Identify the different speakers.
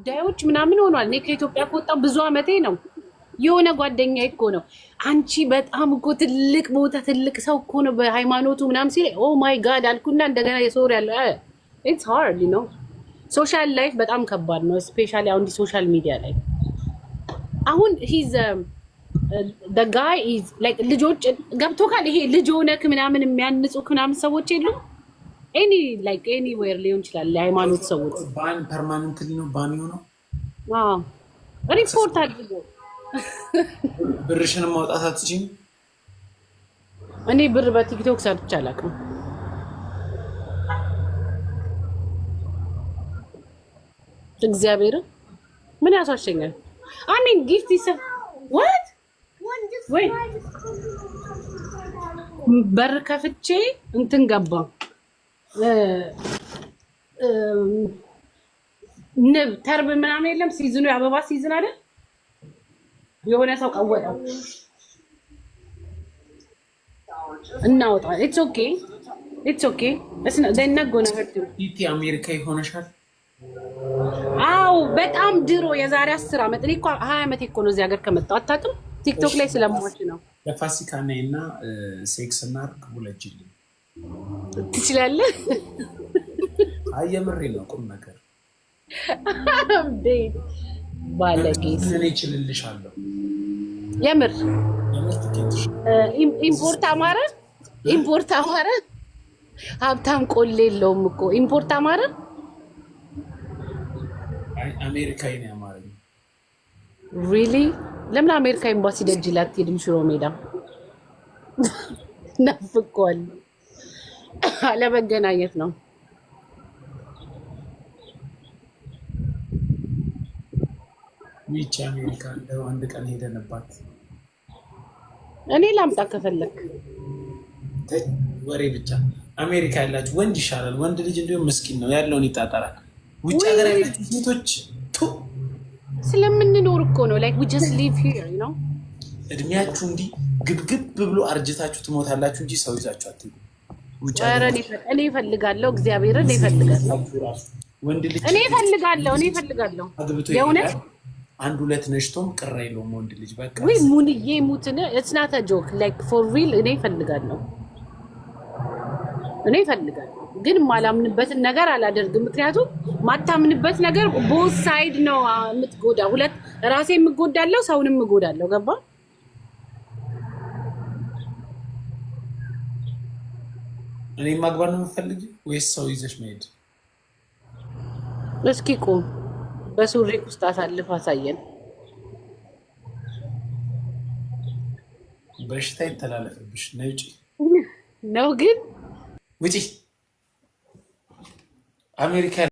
Speaker 1: ጉዳዮች ምናምን ሆኗል። እኔ ከኢትዮጵያ ከወጣ ብዙ አመቴ ነው። የሆነ ጓደኛ እኮ ነው አንቺ በጣም እኮ ትልቅ ቦታ ትልቅ ሰው እኮ ነው በሃይማኖቱ ምናምን ሲል ኦ ማይ ጋድ አልኩና እንደገና የሶር ያለ ኢትስ ሃርድ ነው። ሶሻል ላይፍ በጣም ከባድ ነው። ስፔሻሊ አሁን ሶሻል ሚዲያ ላይ አሁን ሂዝ ጋይ ልጆች ገብቶካል። ይሄ ልጅ ሆነክ ምናምን የሚያንጹክ ምናምን ሰዎች የሉም ኤኒ ላይክ ኤኒዌር ሊሆን ይችላል። ለሃይማኖት ሰዎች
Speaker 2: ባን ፐርማነንትሊ ነው ባን የሆነው።
Speaker 1: አዎ ሪፖርት አድርጎ
Speaker 2: ብርሽን ማውጣት አትችይም።
Speaker 1: እኔ ብር በቲክቶክ ሰርች አላውቅም። እግዚአብሔር ምን ያሳሸኛል? አንዴ ጊፍት ይሰ ወት ወይ በር ከፍቼ እንትን ገባ ንብ ተርብ ምናምን የለም። ሲዝኑ የአበባ ሲዝን አይደል? የሆነ ሰው ቀወጠው እናወጣ። ኢትስ ኦኬ ኢትስ ኦኬ እስነ
Speaker 2: አሜሪካ ይሆነሻል።
Speaker 1: አው በጣም ድሮ የዛሬ አስር ዓመት እኔ እኮ ሀያ ዓመት እኮ ነው እዚህ ሀገር ከመጣሁ። አታውቅም? ቲክቶክ ላይ ስለማች ነው።
Speaker 2: ለፋሲካ ነይና ሴክስ እናድርግ ብለችልኝ ትችላለህ። አይ የምሬ ነው ቁም ነገር
Speaker 1: እንዴት ባለጌ
Speaker 2: ይችልልሻለሁ።
Speaker 1: የምር ኢምፖርት አማረ ኢምፖርት አማረ ሀብታም ቆሌ የለውም እኮ ኢምፖርት አማረ
Speaker 2: አሜሪካዊ ነው ያማረኝ።
Speaker 1: ሪሊ ለምን አሜሪካ ኤምባሲ ደጅ ላይ ሽሮ ሜዳ ናፍቆሃል። ለመገናኘት ነው።
Speaker 2: ይቺ አሜሪካ እንደው አንድ ቀን ሄደንባት
Speaker 1: እኔ ላምጣ ከፈለክ
Speaker 2: ወሬ ብቻ። አሜሪካ ያላችሁ ወንድ ይሻላል። ወንድ ልጅ እንዲሁም ምስኪን ነው ያለውን ይጣጠራል። ውጭ ሀገር ያላችሁ ሴቶች
Speaker 1: ስለምንኖር እኮ ነው ላይክ ዊ ጀስት ሊቭ ሂር ነው።
Speaker 2: እድሜያችሁ እንዲህ ግብግብ ብሎ አርጅታችሁ ትሞታላችሁ እንጂ ሰው ይዛችሁ አትሄዱም። እኔ እፈልጋለሁ፣ እግዚአብሔርን እፈልጋለሁ፣ እኔ እፈልጋለሁ፣ እኔ እፈልጋለሁ። የእውነት አንድ ሁለት ነሽቶም ቅር የለውም ወንድ ልጅ በቃ ወይ ሙንዬ ሙትን ጆክ ላይክ ፎር ሪል እኔ እፈልጋለሁ፣ እኔ እፈልጋለሁ፣ ግን ማላምንበትን ነገር አላደርግም። ምክንያቱም ማታምንበት ነገር ቦዝ ሳይድ ነው የምትጎዳ። ሁለት ራሴ የምጎዳለው፣ ሰውንም እጎዳለሁ። ገባ እኔ ማግባት ነው የምፈልግ ወይስ ሰው ይዘሽ መሄድ? እስኪ ቁም፣ በሱሪ ውስጥ አሳልፍ አሳየን። በሽታ ይተላለፍብሽ ነው። ውጪ ነው ግን ውጪ አሜሪካ